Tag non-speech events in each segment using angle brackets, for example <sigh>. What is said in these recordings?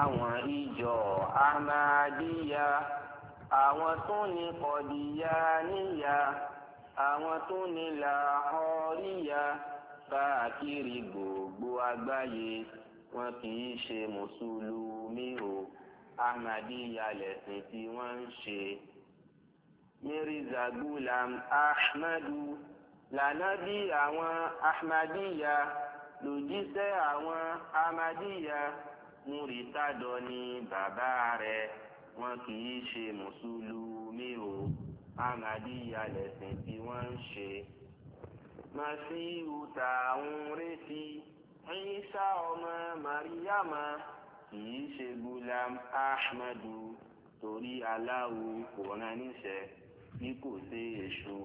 àwọn ìjọ amadíyà àwọn tó ní kọdíyà níyà àwọn tó ní làhọríyà káàkiri gbogbo àgbáyé wọn kì í ṣe mùsùlùmí o amadíyà lẹ̀sìn tí wọ́n ń ṣe. Mirza Ahmadu lànábì àwọn ahmadíyà lòjíṣẹ́ àwọn ahmadíyà múritádọ ni bàbá rẹ̀ wọn kì í ṣe mùsùlùmí o amadi lẹ̀sìn tí wọ́n ń ṣe. masihu tá à ń retí Ìsá ọmọ mariama kì í ṣe gulam ahmadu torí Allahu kò rán níṣẹ́ bí kò ṣe èṣù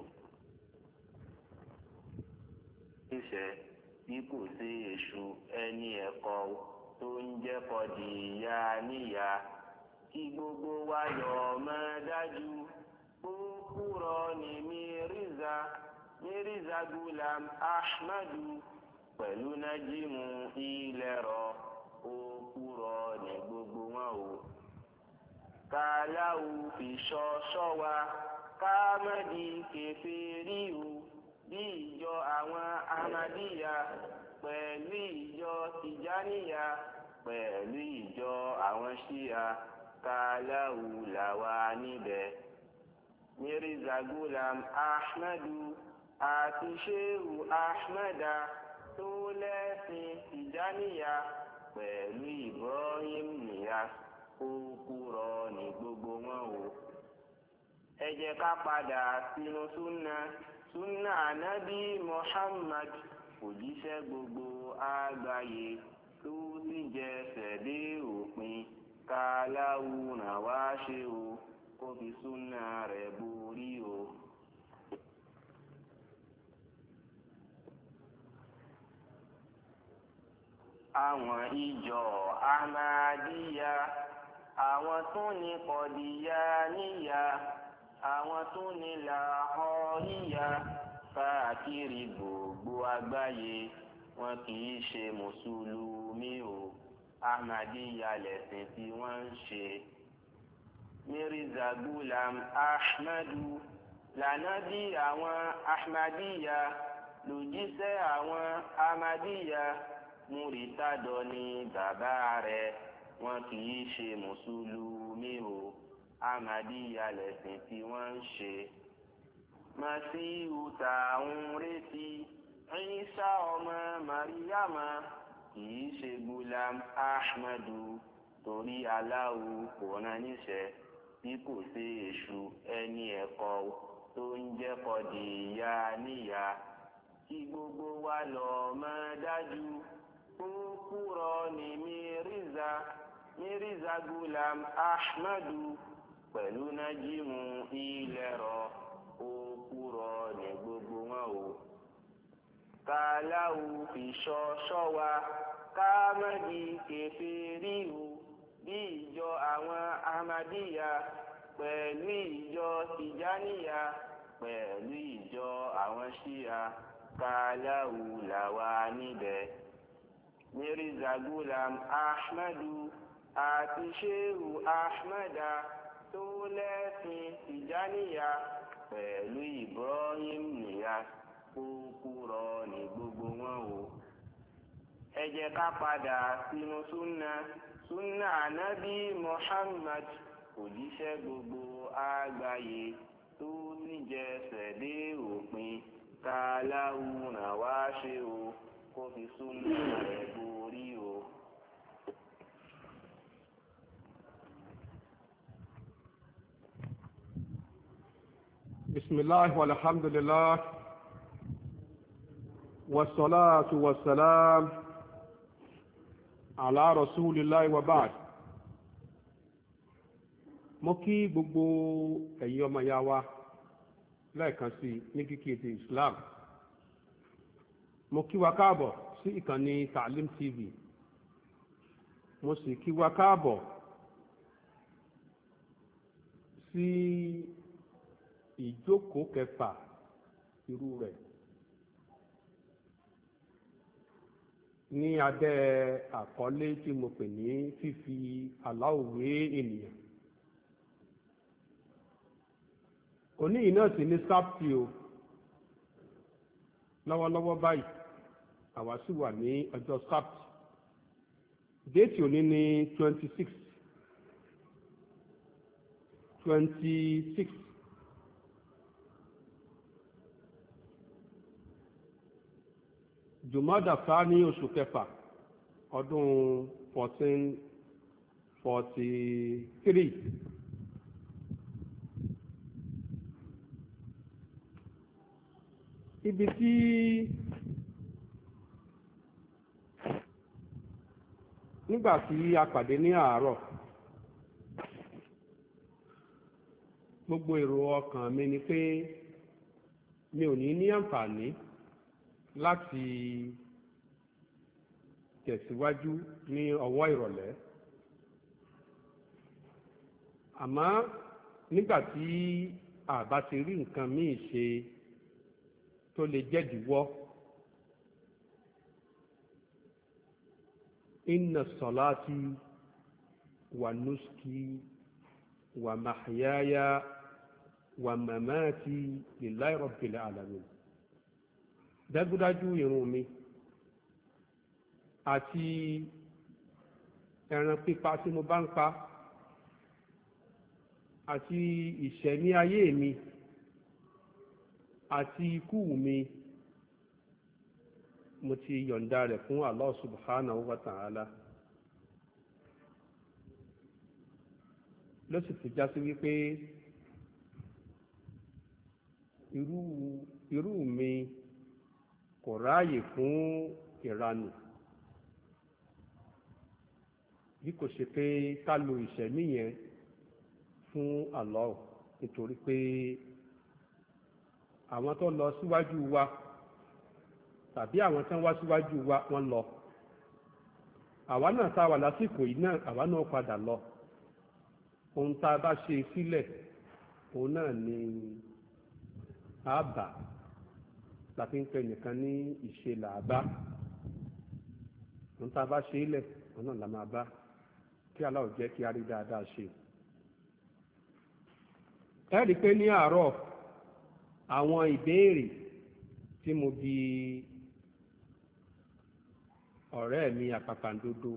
níṣẹ́ bí kò ṣe èṣù ẹni ẹ̀kọ́ tó ń jẹ́ kọ̀dìyà níyà kí gbogbo wa yọ̀ ọmọ dájú kúrọ̀ ní mírízà mírízà gulam ahmadu pẹ̀lú nájímù ilẹ̀rọ ó kúrọ̀ ní gbogbo wọn o. kàláwù fìṣọ ṣọ́wa káàmẹ́dì kẹfẹ́ rí o bí ìjọ àwọn amadíyà pẹ̀lú ìjọ tìjáníyà pẹ̀lú ìjọ àwọn ṣíya kàláwù làwà níbẹ̀. mirza gulam ahmadu àti shehu ahmeda tó lẹ́sìn tìjáníyà pẹ̀lú ibrahim nìyà ó kúrọ ní gbogbo wọn o. ẹ ká padà sínú súnà súnà ànábì muhammad. òjíṣẹ́ gbogbo àgbáyé tó sì jẹsẹ̀ dé òpin ká láwùrán wá ṣe o kó fi súnà rẹ̀ borí o. àwọn ìjọ amadíyà àwọn tó ní kọdíyà níyà àwọn tó ní làhọ́ríyà. káàkiri gbogbo àgbáyé wọn kì í ṣe mùsùlùmí o ahmadiyya lẹ̀sìn tí wọ́n ń ṣe. mirza gulam ahmadu lànábì àwọn ahmadiyya lòjíṣẹ́ àwọn ahmadiyya múritádọ ni bàbá rẹ̀ wọn kì í ṣe mùsùlùmí o ahmadiyya lẹ̀sìn tí wọ́n ń ṣe màsíhù tá à ń retí Ìsá ọmọ Màríyàmá kìí ṣe Gulam Ahmadu torí aláwo kò rán níṣẹ́ bí kò sí èṣù ẹni ẹ̀kọ́ tó ń jẹ́kọ̀ di ìyá níyà kí gbogbo wa lọ mọ̀ dájú ó kúrọ ní Mírízà Mírízà Gulam Ahmadu pẹ̀lú nájímù ilẹ̀ rọ̀ òkúrọ ní gbogbo wọn o kàláwù ìṣọ ṣọwa kámẹ́dì kẹfẹ́ ríru bí ìjọ àwọn amadíyà pẹ̀lú ìjọ tìjáníyà pẹ̀lú ìjọ àwọn ṣíya kàláwù làwa níbẹ̀. mirza gulam ahmadu àti shehu ahmada tó lẹ́sìn tìjáníyà pẹ̀lú Ibrahim nìyà kúkúrọ ní gbogbo wọn o ẹ jẹ́ ká padà sínú súnà súnà ànábì Muhammad òjíṣẹ́ gbogbo àgbáyé tó níjẹsẹ̀ dé òpin ká láwùrán wá ṣe o kó fi súnà rẹ̀ borí o. بسم الله والحمد لله والصلاة والسلام على رسول الله وبعد mo kí gbogbo ẹ̀yin ọmọ ya wa lẹ́ẹ̀kan sí ní kíkí ti Islam mo kí wa káàbọ̀ sí ìkànnì Taalim TV mo sì kí wa káàbọ̀ sí. Si ìjókòó kẹfà irú rẹ̀ ní abẹ́ àkọlé tí mo pè ní fífi aláòwé ènìyàn òní yìí náà sì ní sáptì o lọ́wọ́lọ́wọ́ báyìí àwa sì wà ní ọjọ́ sáptì déètì òní ní twenty six twenty six jùmọ́dà ká ní oṣù kẹfà ọdún 1443 ibi tí nígbà tí a pàdé ní àárọ̀ gbogbo èrò ọkàn mi ni pé mi ò ní ní àǹfààní láti tẹ̀síwájú ní ọwọ́ ìrọ̀lẹ́ àmọ́ nígbà tí àbá ti rí nǹkan míì ṣe tó lè jẹ́díwọ́ inna salati wa nuski wa mahyaya wa mamati lillahi rabbil alamin dájúdájú irun mi àti ẹran pípa tí mo bá ń pa àti ìṣẹ̀mí ayé mi àti ikú mi mo ti yọ̀ǹda rẹ̀ fún Allah subhanahu wa ta'ala ló sì tún já sí wípé irú mi kò ráàyè fún ìranù bí kò ṣe pé ká lo ìṣẹ̀mí yẹn fún Allah nítorí pé àwọn tó lọ síwájú wa tàbí àwọn tó ń wá síwájú wa wọ́n lọ àwa náà tá a wà lásìkò yìí náà àwa náà padà lọ ohun tá a bá ṣe sílẹ̀ òun náà ni a la fi ń pè nìkan ní ìṣe làbá ohun tá a bá ṣe é lẹ̀ wọn náà la máa bá kí aláwọ̀ jẹ́ kí a rí dáadáa ṣe. ẹ rí i pé ní àárọ̀ àwọn ìbéèrè tí mo bi ọ̀rẹ́ mi àpàpàǹdodo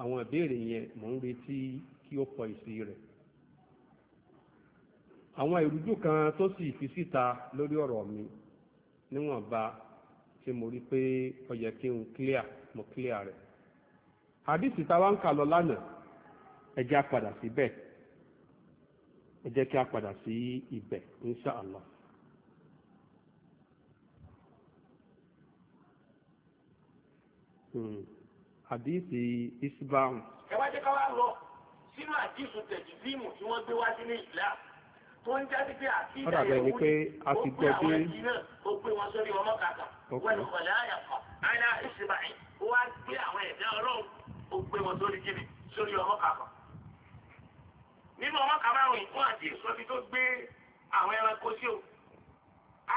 àwọn ìbéèrè yẹn mò ń retí kí ó pọ̀ èsì rẹ̀. àwọn ìrújú kan tó sì fi síta lórí ọ̀rọ̀ mi níwọ̀nba tí mo rí pé ó yẹ kí n clear mo clear rẹ̀ hadith táwa ń kà lọ lánàá ẹ jẹ́ a padà síbẹ̀ ẹ jẹ́ kí a padà sí ibẹ̀ insha Allah. àdìsí hmm. isbam. ẹ wá jẹ́ ká wá lọ sínú àdìsù tẹ̀jú fíìmù tí wọ́n gbé wá sí ní ìlà. ọ̀dà bẹ́ẹ̀ ni pé pé ó gbé wọn àwọn ẹ̀dá ọlọ́run ó gbé wọn sórí kíni sórí ọmọ nínú ọmọ ìfún àti ìsọfi tó gbé àwọn ẹranko sí o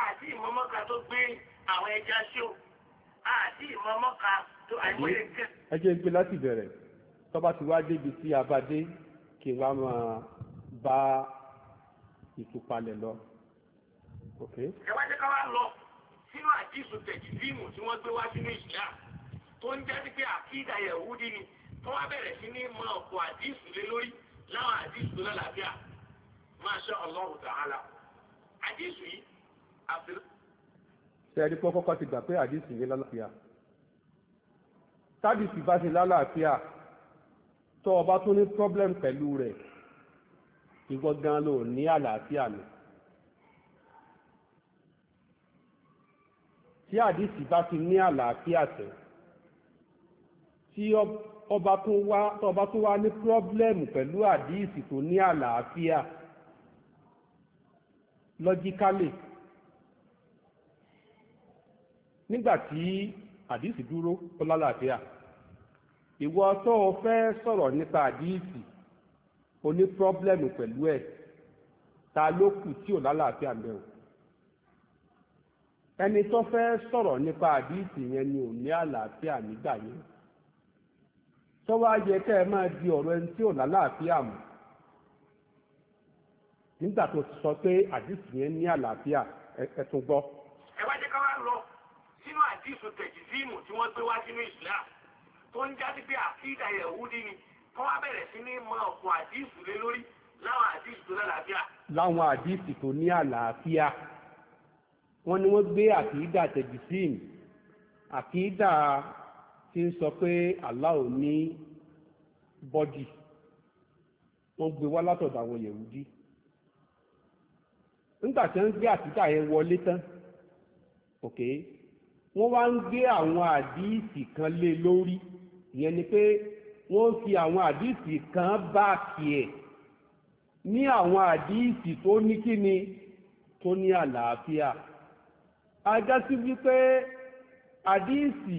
àti ìmọ̀mọ́ka tó gbé àwọn ẹja sí o àti ìmọ̀mọ́ka tó àìmọye kẹ́ ìtúpalẹ̀ lọ. ẹ wá jẹ́ ká wá lọ sínú àdìsù tẹ̀jìlímù tí wọ́n gbé wá sínú ìṣìlá tó ń jẹ́ pé àkídà Yẹ̀húdí ni tó wá bẹ̀rẹ̀ sí ní mọ ọ̀pọ̀ àdìsù lé lórí láwọn àdìsù tó lálàáfíà Masha Allahu Ta'ala àdìsù yìí àfi. ṣe ẹni pọ́ kọ́kọ́ ti gbà pé àdìsù yìí lálàáfíà tádìsù bá ti lálàáfíà tó o bá tún ní pọ́blẹ́mù pẹ̀lú rẹ̀ ìwọ gan ló ní àlàáfíà lò tí àdìsí bá ti ní àlàáfíà tẹ tí ọba tó wá tọba tó wá ní pírọ́blẹ́mù pẹ̀lú àdìsí tó ní àlàáfíà lọ́jíkálì nígbà tí àdìsí dúró ó lálàáfíà ìwọ tó o fẹ́ sọ̀rọ̀ nípa àdìsí o ní pírọ́blẹ́mù pẹ̀lú ẹ̀ ta ló kù tí ò lálàáfíà ń bẹ o ẹni tó fẹ́ sọ̀rọ̀ nípa àdíìsì yẹn ni ò ní àlàáfíà nígbà yẹn tó wá yẹ kẹ́ ẹ máa di ọ̀rọ̀ ẹni tí ò lálàáfíà mú nígbà tó ti sọ pé àdíìsì yẹn ní àlàáfíà ẹ tún gbọ́. ẹ wá jẹ́ ká wá lọ sínú àdíìsì tẹ̀jì fíìmù tí wọ́n gbé wá sínú ìsìlá tó ń jáde pé àfíìdà Yẹhudi ni kọ́ bẹ̀rẹ̀ sí ní mọ ọ̀pọ̀ àdíìsù lé lórí láwọn àdíìsù tó lálàáfíà. láwọn àdíìsù tó ní àlàáfíà wọn ni wọ́n gbé àkìídà tẹ̀jìsíìmù àkìídà ń sọ pé ò ní bọ́dì gbé wá látọ̀dọ̀ wọlé tán òkè wá ń àwọn kan lé lórí wọ́n fi àwọn àdíìsì kan báàkì ẹ̀ ní àwọn àdíìsì tó ní kí ni tó ní àlàáfíà ajá sí wípé àdíìsì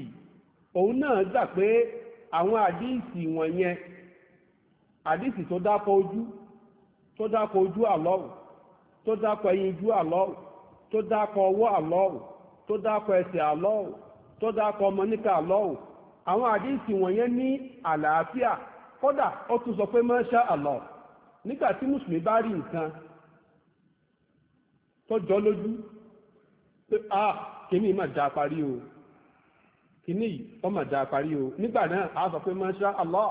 òun náà gbà pé àwọn àdíìsì wọ̀nyẹn àdíìsì tó dápọ̀ ojú tó dápọ̀ ojú àlọ́rù tó dápọ̀ ẹyin ojú àlọ́rù tó dápọ̀ ọwọ́ àlọ́rù tó dápọ̀ ẹsẹ̀ àlọ́rù tó dápọ̀ ọmọ níkà àlọ́rù àwọn àdíìsì wọ̀nyẹn ní àlàáfíà kódà ó tún sọ pé masha Allah nígbà tí mùsùlùmí bá rí nǹkan tó jọ lójú pé a kìíní mà dá parí o kìíní ó mà dá parí o nígbà náà a sọ pé masha Allah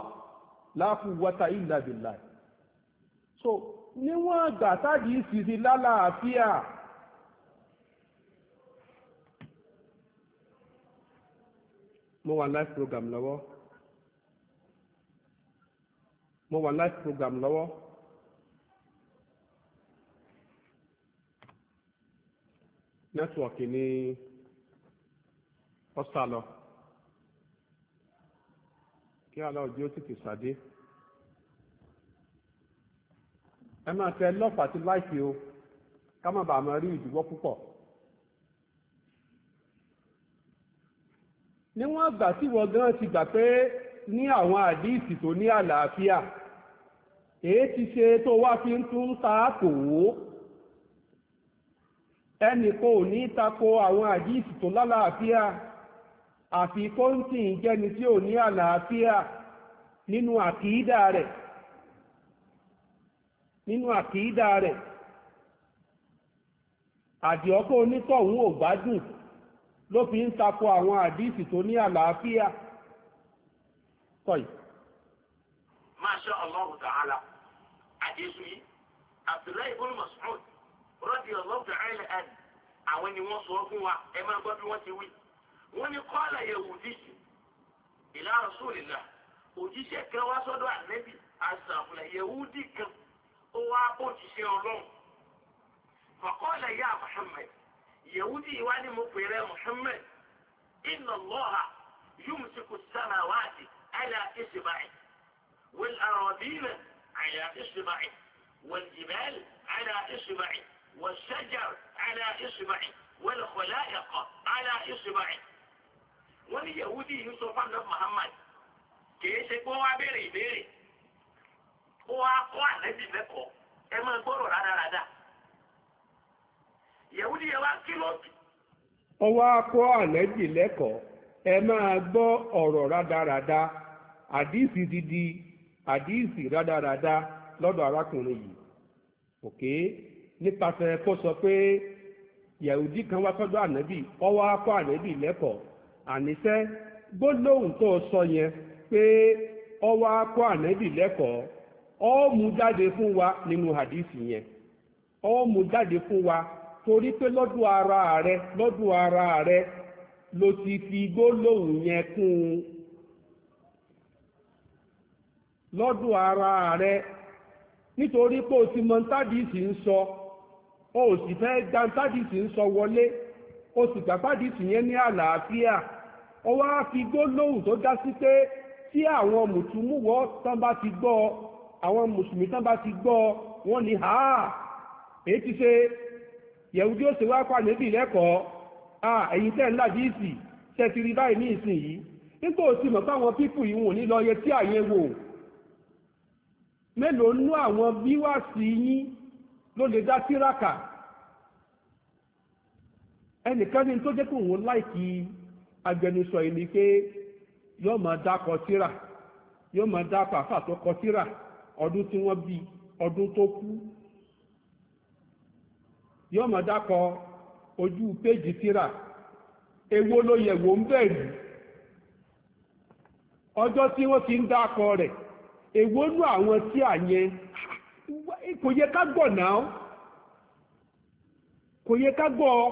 la quwwata illa so níwọ̀n àgbà tádìí sì ti lálàáfíà. mo wà live program lọ́wọ́ mo wà live program lọ́wọ́. nẹ́tíwọ̀kì ní ọ̀sálọ̀ kí aláòjì ó tètè sàdé ẹ máa tẹ lọ́ọ̀fù àti láìpẹ́ o ká má bàa máa rí ìdíwọ́ púpọ̀. níwọ̀n àgbà tí wọ́n gan ti gbà pé ní àwọn àdíìsì tó ní àlàáfíà èé ti ṣe tó wá fi ń tún taako wò ẹnì ní tako àwọn àdíìsì tó lálàáfíà àfi kóńtì jẹ́ni tí ò ní àlàáfíà nínú àkìídà ló fi ń tako àwọn àdíìsì tó ní àlàáfíà tọ́yì. Masha Allah ta'ala àdíìsì yìí Abdullahi ibn Mas'ud radiyallahu ta'ala anhu àwọn ni wọ́n sọ fún wa ẹ máa gbọ́ bí wọ́n ti wí wọ́n ní qala yahudi ila rasulillah òjíṣẹ́ kan wá sọ́dọ̀ ànẹ́bì àṣàfùlà yahudi kan ó wá bó ọlọ́run fa qala Muhammad yahudi yìí wá ní mo pè rẹ muhammed inna allaha yumsiku samawati ala isba'i wal aradina ala isba'i wal jibal ala isba'i wal shajar ala isba'i wal khalaiq ala isba'i wọ́n ní yahudi yìí sọ fún muhammad kìí ṣe pé wọ́n á béèrè ìbéèrè kó wá kó àlẹ́bí mẹ́kọ̀ọ́ ẹ máa gbọ́rọ̀ rádaràda. yẹ̀wúdí yẹn wá kí ló lẹ́kọ̀ọ́ ẹ máa gbọ́ ọ̀rọ̀ rádaràda àdíìsì ti di àdíìsì rádaràda lọ́dọ̀ arákùnrin yìí òkè nípasẹ̀ kó sọ pé yẹ̀wúdí kan wá sọ́dọ̀ ànẹ́bì sọ yẹn pé lẹ́kọ̀ọ́ mú jáde fún wa nínú torí pé lọ́dún ara rẹ lọ́dún ara rẹ ló ti fi gbólóhùn yẹn kún un lọ́dún ara rẹ nítorí pé o ti mọ ntádìsì ń sọ o ò sì fẹ́ gba ntádìsì ń sọ wọlé o sì gbàgbádìsì yẹn ní àlàáfíà o wá fi gbólóhùn tó dá sí pé tí àwọn mùtúmùwọ́ tán bá ti gbọ́ àwọn mùsùlùmí tán bá ti gbọ́ wọ́n ní ha èyí ti ṣe yẹ̀wùdí ó sì wá pa níbi lẹ́kọ̀ọ́ à ẹ̀yin tẹ́ ń ládìísì tẹ́ ti rí báyìí ní ìsìn yìí nígbà pípù yìí wò ní lọ yẹ tí àyẹn wò mélòó nú àwọn bíwáàsì yín ló lè dá tíraka ẹnìkan ní tó jẹ́ kó òun láìkí agbẹnusọ yìí ni pé yóò máa dákọ yóò máa dákọ ojú péjì tíra èwo ló yẹ wò ń bẹ̀rù ọjọ́ tí wọ́n ti ń dákọ rẹ̀ èwo nú àwọn tí àyẹn kò yẹ ká gbọ̀ náà kò yẹ ká gbọ́ ọ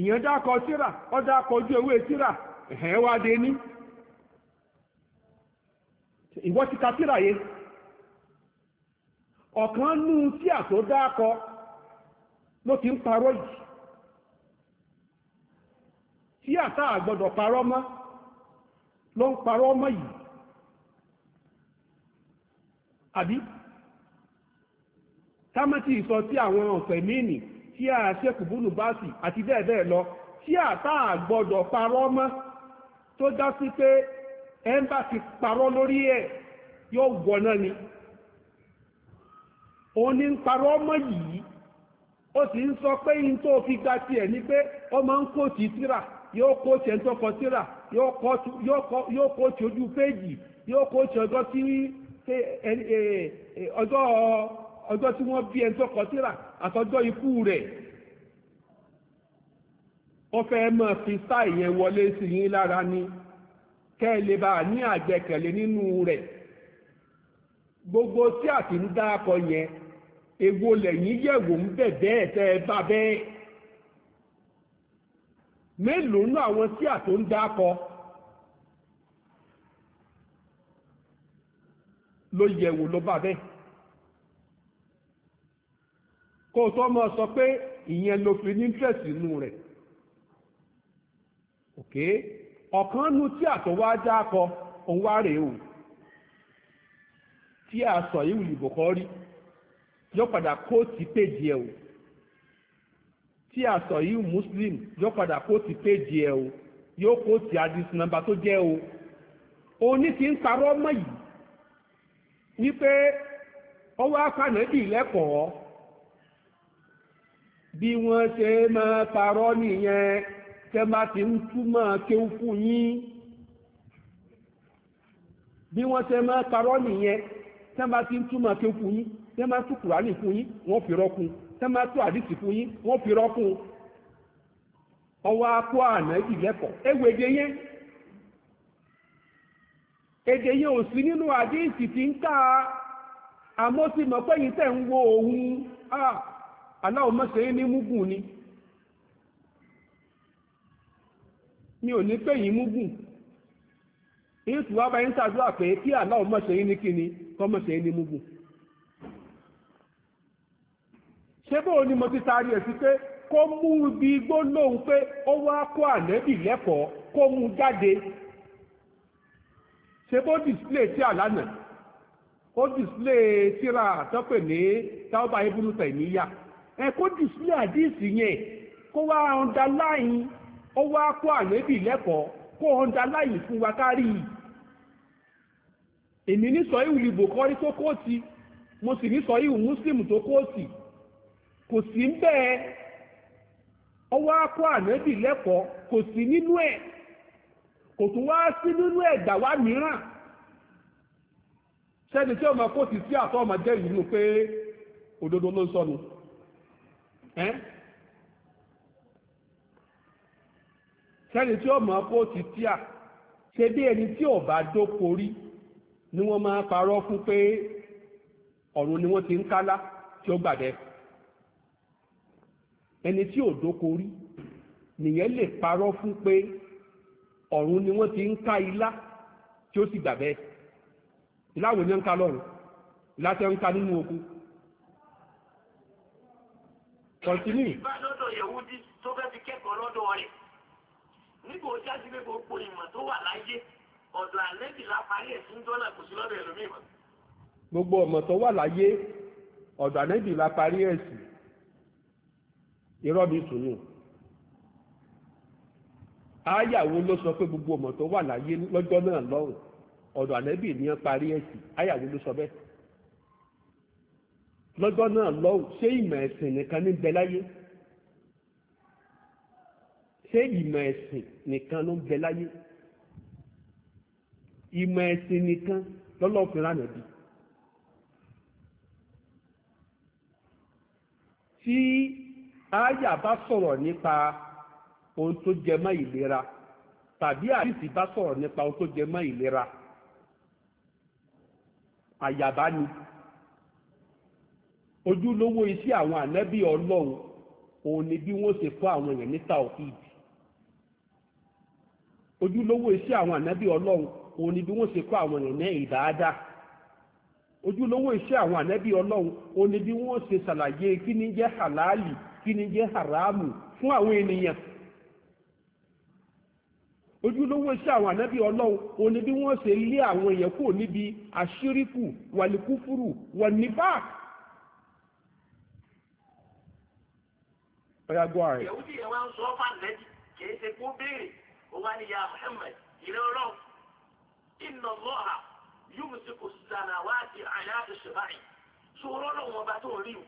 ìyẹn dákọ tíra ọ dákọ ojú ewé tíra ẹ̀hẹ́n wá dé ní ìwọ ti ka tíra yẹn ọ̀kan nú tí àtó dákọ ló ti ń parọ́ yìí tí àtà àgbọ̀dọ̀ parọ́ mọ́ ló ń parọ́ mọ́ yìí àbí támẹ́tì sọ tí àwọn ọ̀fẹ́ mìíní tí a ṣẹ́kù búlù báàsì àti bẹ́ẹ̀ bẹ́ẹ̀ lọ tí àtà àgbọ̀dọ̀ parọ́ mọ́ tó dá sí pé ẹ ń bá ti parọ́ lórí ẹ̀ yóò wọná ni. òun ní ń parọ́ ọmọ yìí ó sì ń sọ pé tó fi gba tiẹ̀ ni pé ọmọ ń kóòtì tíra yóò kóòtì ẹni tó kọ tíra yóò kóòtì ojú péjì yóò kóòtì ọjọ́ tí ọjọ́ tí wọ́n bí ẹni fi wọlé sí yín lára ni gbogbo tí a ti ń dáàkọ yẹn èwo lẹ́yìn yẹ̀wò ń bẹ̀ bẹ́ẹ̀ tẹ́ ẹ bá bẹ́ẹ̀ mélòó nú àwọn tí a tó ń dáàkọ ló yẹ̀wò ló bá bẹ́ẹ̀ kó tó mọ sọ pé ìyẹn ló fi ní interest inú rẹ̀ òkè ọ̀kan nu tí a tó wá dáàkọ òun wá rèé o tí a sọ yìí wùlì bùkọ́rí yóò padà kóòtù péjì ẹ̀ o tí a sọ yìí muslim yóò padà kóòtù péjì ẹ̀ o yóò kóòtù àdìsí nàmbà tó jẹ́ o òní ti ń parọ́ mọ́ yìí wípé ọwọ́ akánàbì lẹ́kọ̀ọ́ bí wọ́n ṣe máa parọ́ nìyẹn tẹ́ bá ti ń túmọ̀ kéwú fún yín bí wọ́n ṣe máa parọ́ nìyẹn tẹ́ bá ti ń túmọ̀ ké fún yín tẹ́ bá tú kùránì fún yín wọ́n fi rọ́kùn tẹ́ bá tú àdìsí fún yín wọ́n fi rọ́kùn ọwọ́ akó àná ìlẹ́kọ̀ọ́ yẹn èdè yẹn ò sí nínú àdìsí tí ń ká àmọ́ sí mọ̀ pé yìí tẹ̀ ń wo òun ní múgùn ni mi ò ní yín múgùn. yín tí wá bá yín ṣàdúrà pé kí Allah má ṣe yín ní kíni kó má yín ní múgùn ṣé bóun ni mo ti taari ẹ̀ sí pé kó mú ibi gbólóhùn pé ó wá kó ànẹ́bì lẹ́kọ̀ọ́ kó mú jáde ṣé bó display tí àlànà ó display tíra àtọ́pẹ̀ ní táwọn bá yín burú tẹ̀ ẹ kó display àdíìsì yẹn kó wá underline ó wá kó ànẹ́bì lẹ́kọ̀ọ́ kó ọ̀ndà láyìí fún wa kárí yìí èmi ní sọ ìwù ìbò kọ́rí tó kóòtì mo sì ní sọ ìwù mùsùlùmù tó kóòtì kò sí ń bẹ́ẹ̀ ọwọ́ akọ ànẹ́bì lẹ́kọ̀ọ́ kò sí nínú ẹ̀ kò tún wá sí nínú ẹ̀dà wá mìíràn sẹ́ni tí ọmọ kóòtì sí àtọ́ ọmọ jẹ́ ìlú pé òdodo ló ń sọnù sẹ́ni tí ó mọ̀ ọ́ pòtì tíà ṣe bí ẹni tí ò bá dóko rí ni wọ́n máa parọ́ fún pé ọ̀run ni wọ́n ti ń kálá tí ó gbàdẹ́ ẹni tí ò dóko rí nìyẹn lè parọ́ fún pé ọ̀run ni wọ́n ti ń ká ilá tí ó sì gbàbẹ́ ìláwò ní ń ká lọ́rùn látẹ́ ń ká nínú oko kọ̀ntínú. ìbá lọ́dọ̀ yẹ̀wúdí tó fẹ́ fi kẹ́kọ̀ọ́ lọ́dọ̀ rẹ̀ nígbà ó jáde pé gbogbo ìmọ̀ tó wà láyé ọ̀dọ̀ àlẹ́bí la parí ẹ̀sìn jọ́nà kò sí lọ́dọ̀ ẹlòmíì mọ́. gbogbo ọmọ tó wà láyé ọ̀dọ̀ àlẹ́bí la parí ẹ̀sìn irọ́ mi sùnù ayàwó ló sọ pé gbogbo ọmọ tó wà láyé lọ́jọ́ náà lọ́rùn ọ̀dọ̀ àlẹ́bí ni wọ́n parí ẹ̀sìn ayàwó ló sọ bẹ́ẹ̀ lọ́jọ́ náà lọ́rùn ṣé ìmọ̀ ẹ̀sìn nìkan ní bẹ láyé ṣé ìmọ̀ ẹ̀sìn nìkan ló ń bẹ láyé ìmọ̀ ẹ̀sìn nìkan lọ́lọ́ọ̀fin ránà bí tí ááyà bá sọ̀rọ̀ nípa ohun tó jẹ mọ́ ìlera tàbí àdìsí bá sọ̀rọ̀ nípa ohun tó jẹ mọ́ ìlera àyàbá ni ojúlówó iṣẹ́ àwọn ànábì ọlọ́run òun ni bí wọ́n ṣe kọ́ àwọn èèyàn ní tàòkìdì ojúlówó iṣẹ́ àwọn ànábì ọlọ́run òun ni bí wọ́n ṣe kọ́ àwọn èèyàn ní ìdáadáa ojúlówó iṣẹ́ àwọn ànábì ọlọ́run òun ni bí wọ́n ṣe ṣàlàyé kí ni jẹ́ halali kí ni jẹ́ haramu fún àwọn ènìyàn ojúlówó iṣẹ́ àwọn ànábì ọlọ́run òun ni bí wọ́n ṣe lé àwọn èèyàn kúrò níbi àṣíríkù wàlíkúfúrù wàníbà. ọ̀yà gbọ́ ààrẹ. ìyàwó tí ìyàwó ń sọ fún àlẹ́ kì í ṣe kó béèrè wọ́n ní ya Muhammad ìrẹ́ ọlọ́run inna Allaha yumsiku as-samawati ala isba'i sọ̀rọ̀ ọlọ́run ọba tó rí o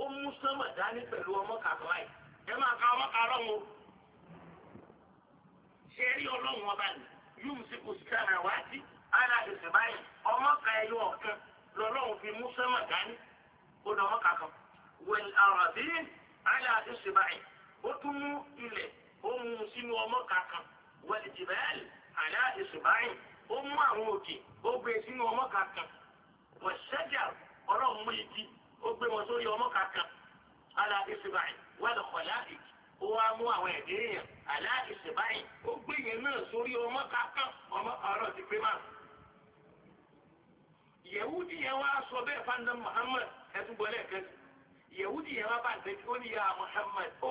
ó mú sánmà dání pẹ̀lú ọmọ kàkọ́ báyìí ẹ máa ka ọmọ kàrọ́ wọn ṣe rí ọlọ́run ọba ni yumsiku as-samawati ala isba'i ọmọ kà ẹyọ ọ̀kan lọ́lọ́run fi mú sánmà dání ó lọ́mọ kàkọ́ wal aradin ala isba'i ó tún mú ilẹ̀ ó mú sínú ọmọ kankan wal jibal ala isba'in ó mú òkè ó e sínú ọmọ kankan wal shajar mú igi ó wọn sórí ọmọ kankan ala isba'in wal khalaiq ó wá mú àwọn ẹ̀dẹ́ èèyàn ala isba'in ó yẹn náà sórí ọmọ kankan ọmọ ọ̀rọ̀ ti pé máa. yẹn wá sọ bẹ́ẹ̀ yẹn wá bá ó ní ya muhammad ó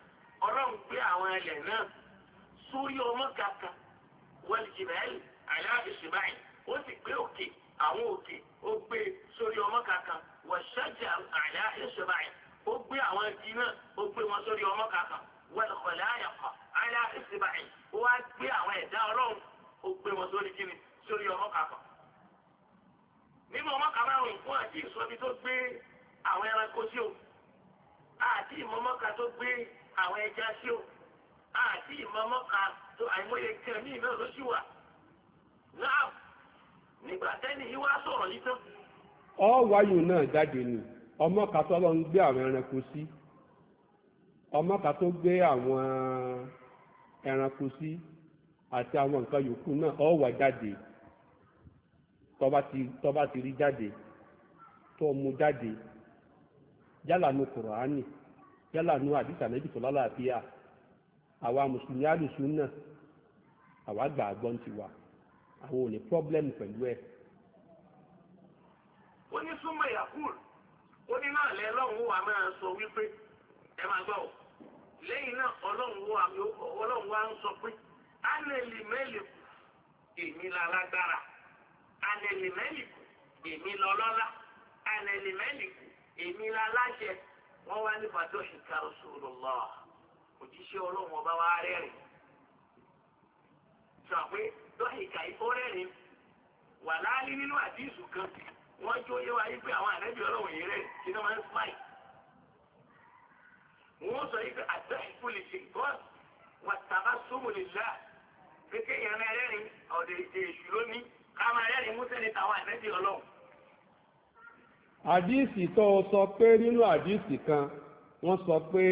ọlọ́run gbé àwọn ilẹ̀ náà sórí ọmọ kàkà wal jibali ala isba'i ó sì gbé òkè àwọn òkè ó gbé sórí ọmọ kàkà washajar ala isba'i ó gbé àwọn igi náà ó gbé wọn sórí ọmọ kàkà wal khalaiqa ala isba'i ó wá gbé àwọn ẹ̀dá ọlọ́run ó gbé wọn sórí kíni sórí ọmọ kàkà nínú ọmọ kàkà àwọn nǹkan àti tó gbé àwọn ẹranko sí o àti tó gbé àwọn ẹja ṣo àti ìmọ̀mọ́ àtò àìmọye kẹmí náà lójú wa náà nígbà tẹ́ni yìí wá sọ̀rọ̀ yìí tán. ọ náà jáde ni ọmọ kan tó lọ ń gbé àwọn ẹranko sí ọmọ kan tó gbé àwọn ẹranko sí àti àwọn nǹkan yòókù náà ọ wà jáde ti rí jáde tó mú jáde yálà ní kùrọ̀ánì. yálà nu àdìsá méjì tó lálàáfíà àwa mùsùlùmí àdùsùn náà àwa gbà á gbọ́n tiwa àwọn ò ní pọ́blẹ́mù pẹ̀lú ẹ̀. ó ní súnmọ́ yakul ó ní náà lẹ́ lọ́hùn-ún wa máa sọ wípé ẹ máa gbọ́ lẹ́yìn náà ọlọ́run wa ọlọ́run wa ń sọ pé anẹ́lì mẹ́lìkù èmi lálágbára anẹ́lì mẹ́lìkù èmi lọ́lọ́lá anẹ́lì mẹ́lìkù èmi láláṣẹ wọ́n wá ní fàtọ́sì kárọ̀sọ̀lọ́lá òjíṣẹ́ ọlọ́run ọba wa rẹ́rìn sọ pé dọ́hìkà ikọ́ rẹ́rìn wà láàlí nínú àdísù kan wọ́n jó yé wa yí pé àwọn ànábì ọlọ́run yìí rẹ́rìn kí ni wọ́n ń fàì wọ́n sọ yìí pé àtọ́sìkú lè ṣe gọ́ọ̀s wà tàbá sómù lè lá pé kéèyàn rẹ́rìn ọ̀dẹ̀ ìṣèṣù lónìí ká máa rẹ́rìn mú sẹ́ni tàwọn ànábì ọlọ́run àdíìsì tó o sọ pé nínú àdíìsì kan wọ́n sọ pé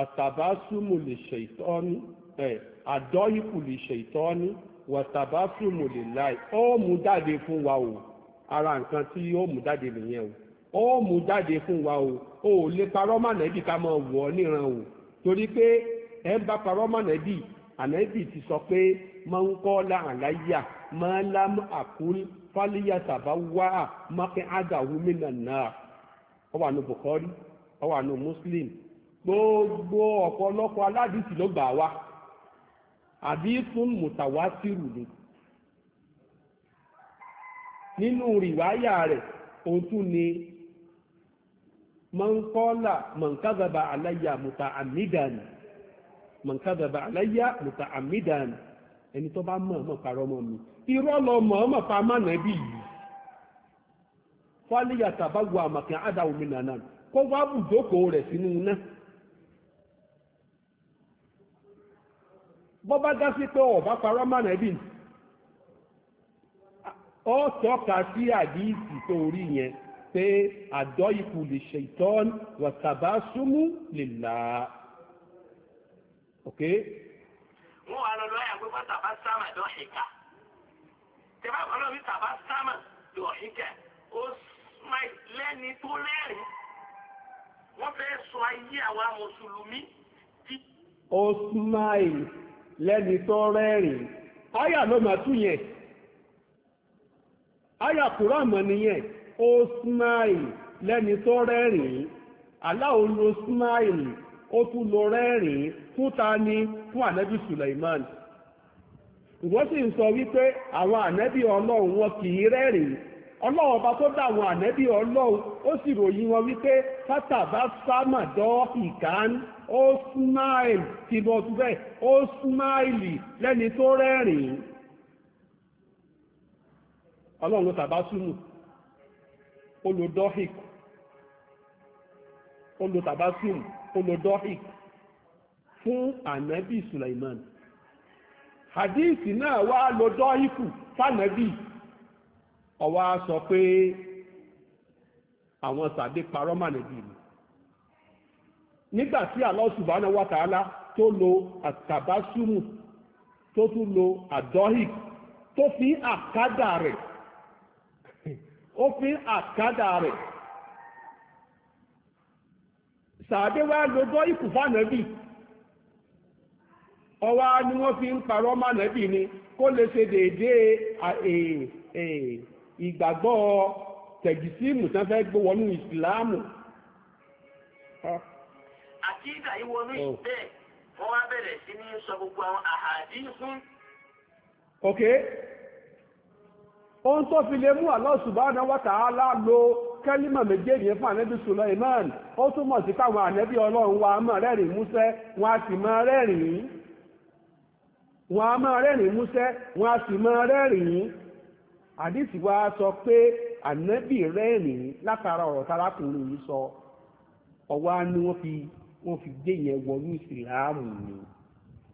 àtàbásùmù lè ṣe ìtọ́ni ẹ̀ àdọ́yìkù lè ṣe ìtọ́ni wàtàbásùmù lè láì ó mú jáde fún wa o ara nǹkan tí ó mú jáde nìyẹn o ó mú jáde fún wa o o ò lè parọ́ mọ́ ànẹ́bí ká máa wọ̀ ọ́ níran o torí pé ẹ ń bá parọ́ mọ́ ànẹ́bí ànẹ́bí ti sọ pé máa ń kọ́ láàláyà máa lámú àkúrí fálíyàtàbá wá mákẹ́ maka mìíràn náà na wà ní Bukhari ó wà ní Muslim gbogbo ọ̀pọ̀lọpọ̀ aládìsí ló gbà wá àdìsún mùtàwátìrù ni nínú rìwáyà rẹ̀ òun tún ni mọ̀nkọ́là mọ̀nkádàbà aláyà mùtà àmìdánì mọ̀nkádàbà aláyà mùtà àmìdánì ẹni tó bá mọ̀ mọ̀ parọ́ mọ́ mi irọ́ lọ mọ̀ọ́mọ̀ pa mánàbí yìí fálíyà tàbágbó àmàkẹ́ àdáwòmí nàná kó wá bùdókòó rẹ̀ sínú náà bọ́ bá pé ọ̀bá parọ́ mánàbí ọ tọ́ka sí àdíìsì tó rí yẹn pé àdọ́ ikú lè ṣe ìtọ́n wàtàbá súnmú lè là á ok. mo wà lọ lọ́yà pé wọ́n tàbá sáwọn tẹ̀bá kan náà mr basama yóò ṣíkẹ́ ó smile lẹ́ni tó rẹ́rìn wọ́n fẹ́ sọ ayé àwa mùsùlùmí tí. ó smile lẹ́ni tó rẹ́rìn àyà ló máa tún yẹn àyà kúrò mọ́ nìyẹn ó smile lẹ́ni tó rẹ́rìn aláwo lo smile ó tún lo rẹ́rìn fún ta ni fún ànábì Sulaiman. wọ́n sì ń sọ wípé àwọn ànẹ́bí ọlọ́run wọn kì í rẹ́rìn ọlọ́run ọba tó dá ànẹ́bí ọlọ́run ó sì ròyìn wọn wípé sátàbá sámàdọ́ ìkán ó smile ti bọ́ síbẹ̀ ó smile lẹ́ni tó rẹ́rìn ọlọ́run tàbá súnmù olùdọ́hìk olùtàbá Sulaiman hadithi náà wá lọ dọ́híkù fànàbí ọwọ́ a sọ pé àwọn sàdé parọ́ mànàbí ni nígbà tí Allah subhanahu wa ta'ala tó lo àtàbásùmù tó tún lo àdọ́hík tó fi àkádà rẹ̀ ó fi àkádà rẹ̀ sàdé wá lọ dọ́híkù fànàbí. ọwá ni wọ́n fi ń parọ́ mànẹ́bì ni kó lè ṣe déédéé ìgbàgbọ́ tẹ̀gísíìmù tán fẹ́ gbé wọnú ìsìláàmù. àti ìgbà ìwọnú ìbẹ́ wọ́n wá bẹ̀rẹ̀ sí ní sọ gbogbo àwọn àhàdí fún. ok ohun tó fi lè mú Allah subhanahu wa ta'ala lo kẹ́límà méjèèjì yẹn fún ànẹ́bí Sulaiman ó túmọ̀ sí káwọn ànẹ́bí ọlọ́run wa máa rẹ́rìn-ín músẹ́ wọn a sì máa rẹ́rìn-ín. wọn a máa rẹ́rìn músẹ́ wọn a sì máa rẹ́rìn àdìsí wa sọ pé ànábì rẹ́rìn látara ọ̀rọ̀ tarakùnrin yìí sọ ọwọ́ á ní wọ́n fi wọ́n fi gbé yẹn wọnú ìsìláàmù ni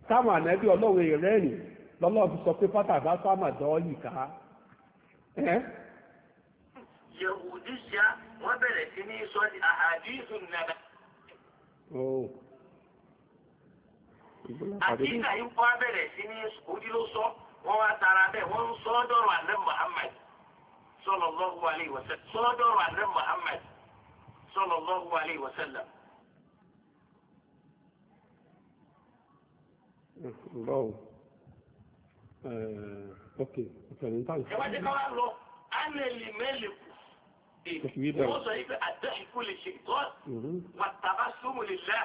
táwọn ànábì ọlọ́run èèyàn rẹ́rìn fi sọ pé pátá bá sáàmà yìí ká. yehudi bẹ̀rẹ̀ sí ní sọ àti ìgbà yìí kọ́ abẹ́rẹ̀ sí ní ojú ló sọ wọ́n wá tara bẹ́ẹ̀ wọ́n ń sọ dọ̀rọ̀ àná Muhammad sallallahu alaihi wasallam sọ dọ̀rọ̀ àná Muhammad sallallahu alaihi wasallam. Hmm, báwo eh, ok ìfẹ̀lẹ̀ ń tàn. ẹ wá ká wá lọ ánẹ́lì mẹ́lì kù dé wọ́n sọ yìí pé lè ṣe ìtọ́ wàtàbá súnmù lè ṣáà.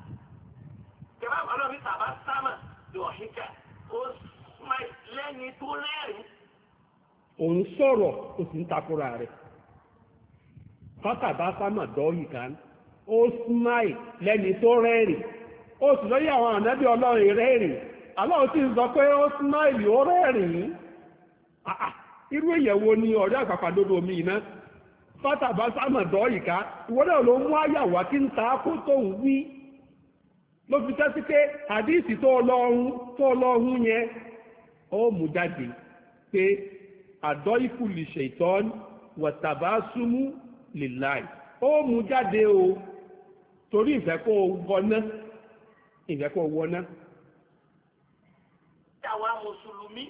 jẹba ọlọ́run ní sàbá sámà lọ híjà ó lẹ́ni tó òun sọ̀rọ̀ ó sì ń takora rẹ̀ dọ́ọ̀yì kan ó lẹ́ni tó rẹ́rìn ó sì lọ́yẹ̀ àwọn ànábì ọlọ́run rẹ́rìn aláwọ̀ sì ń sọ pé ó smile ó rẹ́rìn irú ìyẹ̀wò ni ọ̀rẹ́ àpàpàdodo mi iná fátàbá sámà dọ́ọ̀yì ká ìwọ́dọ̀ ló mú àyàwó kí ń ta kó wí. ló fi jẹ́ sí pé àdíìsì tó ọlọ́run tó ọlọ́run yẹn ó mú jáde pé àdọ́ ikú lè ṣètọ́n wọ̀tàbá súnmú lè láì ó mú jáde o torí ìfẹ́ kó wọná ìfẹ́ kó wọná. àwa mùsùlùmí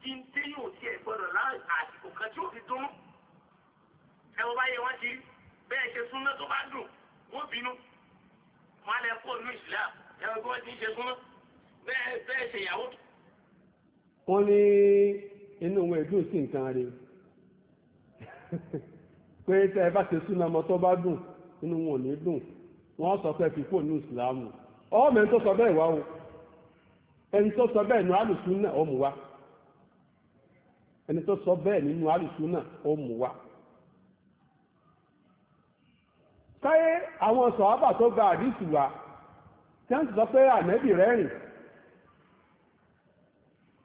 tí ń dé yóò tiẹ̀ gbọ́dọ̀ láì kan tí ó fi dún ẹ̀wọ̀n báyẹn wọ́n ti bẹ́ẹ̀ ṣe súnmọ́ tó bá dùn wọ́n bínú wọn lè kó lu islam ẹ̀rọ bí wọ́n ti ń ṣe súnmọ́ bẹ́ẹ̀ bẹ́ẹ̀ ṣe ìyàwó. wọ́n ní inú wọn ẹ̀dùn sí nǹkan rẹ̀ <laughs> pé tẹ́ ẹ bá ṣe súnmọ́ ọmọ tó bá dùn inú wọn ò ní dùn wọ́n sọ pé fífò ní ìsìláàmù ọmọ ẹni tó sọ bẹ́ẹ̀ wá o ẹni tó sọ bẹ́ẹ̀ nínú alùsùn náà ó mú ẹni tó sọ bẹ́ẹ̀ nínú alùsùn náà ó mú káyé àwọn sọ̀hábà tó gba àdìsù wa tí wọ́n ti sọ pé ànẹ́bì rẹ́rìn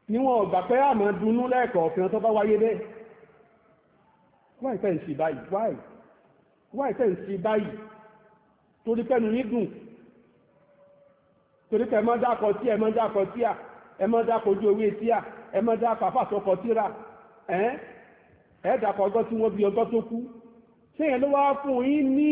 ni wọn pé àmọ́ dunú lẹ́ẹ̀kọ̀ọ̀kan tó bá wáyé bẹ́ẹ̀ wáì tẹ́ ń sí báyìí wáì wáì ń sí báyìí torí pẹ́nu ní dùn torí pẹ́ mọ́ dákọ̀ tí ẹ dákọ̀ tí à ẹ dákọ̀ ojú owó etí à ẹ dákọ̀ àfàsọkọ̀ tíra ẹ̀ ẹ̀ dàkọ̀ ọgọ́ tí wọ́n bí ọgọ́ tó kú ṣé ló wá fún yín ní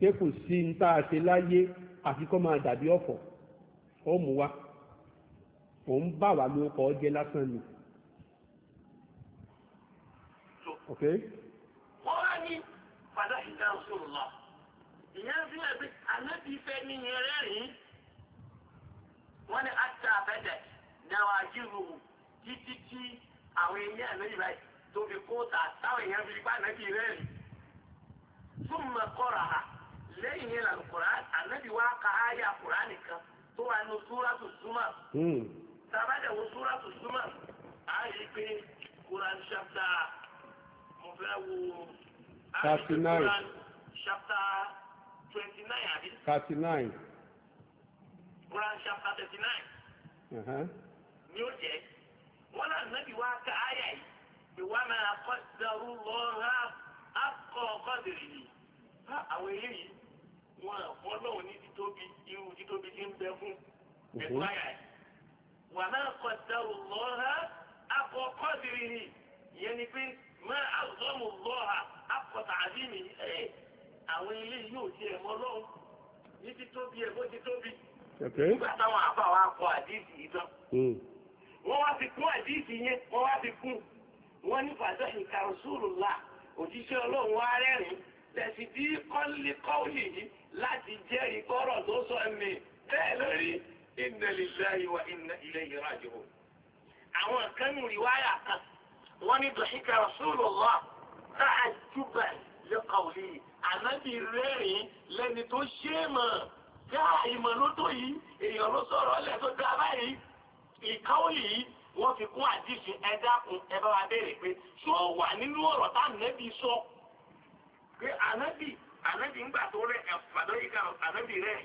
pé kò sí ń tá a ṣe láyé àfi kọ́ máa dàbí ọ̀fọ̀ ó mú wa òun bà wá ló kọ́ jẹ́ lásán ni. Okay. wọ́n á ní padà ìdá òṣèlú lọ ìyẹn fi hàn pé ànábì fẹ́ ní yẹn rẹ́rìn-ín wọ́n ní àtà àfẹ́dẹ̀ náà àjírò títí tí àwọn èèyàn ànábì báyìí tó fi táwọn èèyàn fi rí pa ànábì rẹ́rìn-ín ha. lẹ́yìn yẹn lànà Kùránì ànábì wa ka kan tó wà nínú súrátù súmà. sábàdà wo súrátù pé mo fẹ́ wo. thirty nine Kùránì ṣàpta twenty nine àbí. Quran chapter thirty nine. Uh-huh. ni ó jẹ́ wọ́n náà nàbí wá ká àyà yìí ni wọ́n máa kọ́ rà wọn fọlọ́wọ́ ní títóbi irú títóbi tí ń bẹ fún ẹ̀fáyà ẹ̀. wà náà kọ dárò lọ́ha akọ kọ́dìrì ni ìyẹn ni pé máa àwùjọ́mù lọ́ha akọ tààdí mi ẹ̀ àwọn ilé yóò ti ẹ̀ mọ́ lọ́hùn ní títóbi ẹ̀ bó títóbi. nígbà táwọn àbá kọ àdìsí yìí tán. Hmm. wọ́n wá fi kún àdìsí yẹn wọ́n wá fi kún wọ́n ní fàdé ìkàrọ̀sùrù là òjíṣẹ́ ọlọ́run wá rẹ́rìn-ín tẹ̀sìdí kọ́lí kọ́ọ̀lì yìí láti jẹ́rìí kọ́rọ̀ tó sọ ẹ̀mí bẹ́ẹ̀ lórí inna lillahi wa inna ilayhi raji'un. àwọn kánú rìwáyà kan wọ́n ní dọ̀ṣíkà rasulullah ta'ajjuba li qawli ànábì rẹ́rìn lẹ́ni tó ṣe é mọ̀ yá ìmọ̀ ló tó yìí èèyàn ló sọ̀rọ̀ ọ̀lẹ́ tó dá báyìí ìkáwọ́lì yìí wọ́n fi kún àdìsí ẹ̀dá kun ẹ bá wa béèrè pé ṣó wà nínú ọ̀rọ̀ tá pé ànábì ànábì ńgbà tó rẹ ẹ̀fà lórí ká ànábì rẹ̀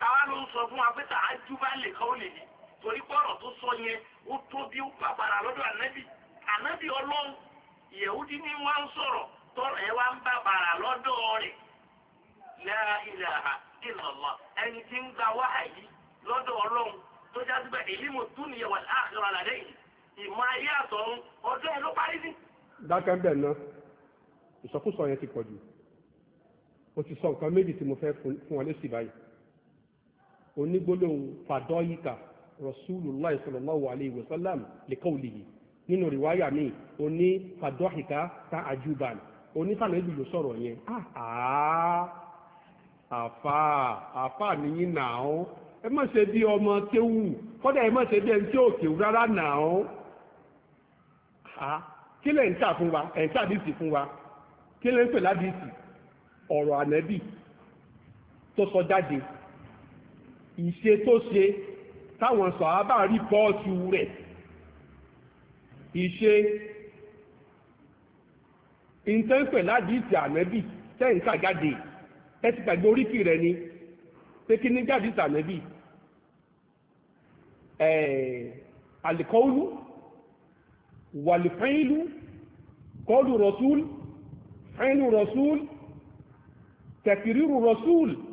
táwa ló ń sọ fún wa pé tàá jú bá lè kọ́ lè ní torí pọ̀rọ̀ tó sọ yẹn ó tóbi ó pàpàrà lọ́dọ̀ ànábì ànábì ọlọ́run ni wọ́n ń sọ̀rọ̀ la ẹni tí ń gba lọ́dọ̀ ọlọ́run tó ìsọkúsọ yẹn ti pọ̀ jù mo ti sọ nǹkan méjì tí mo fẹ́ fún wa lésì báyìí onígbólóhùn fàdọ́yìkà rasulullah sallallahu alayhi wa sallam li qawlihi nínú rìwáyà mi oní fàdọ́yìkà ta àjùbàn onífàlẹ́ ìlú ló sọ̀rọ̀ yẹn àfà àfà nìyí nàá ẹ má ṣe bí ọmọ kéwù kọ́dà ẹ má ṣe bí ẹni tí ò kéwù rárá nàá kí lẹ̀ ń tà fún wa ẹ̀ ń tà bí sì fún wa kí ló ń pè ládìsì ọ̀rọ̀ ànẹ́bì tó sọ jáde ìṣe tó ṣe táwọn sọ̀hábà rí bọ́ọ̀sù rẹ̀ ìṣe ìtẹ́ǹpẹ̀ ládìsì ànẹ́bì tẹ́ǹkà jáde ẹ ti gbàgbé oríkì rẹ̀ ni pé kí ní ládìsì ànẹ́bì àlìkọ́ọ̀lù wàlìfẹ́ìlú kọ́ọ̀lù rọ̀túlù فعل الرسول تكرير الرسول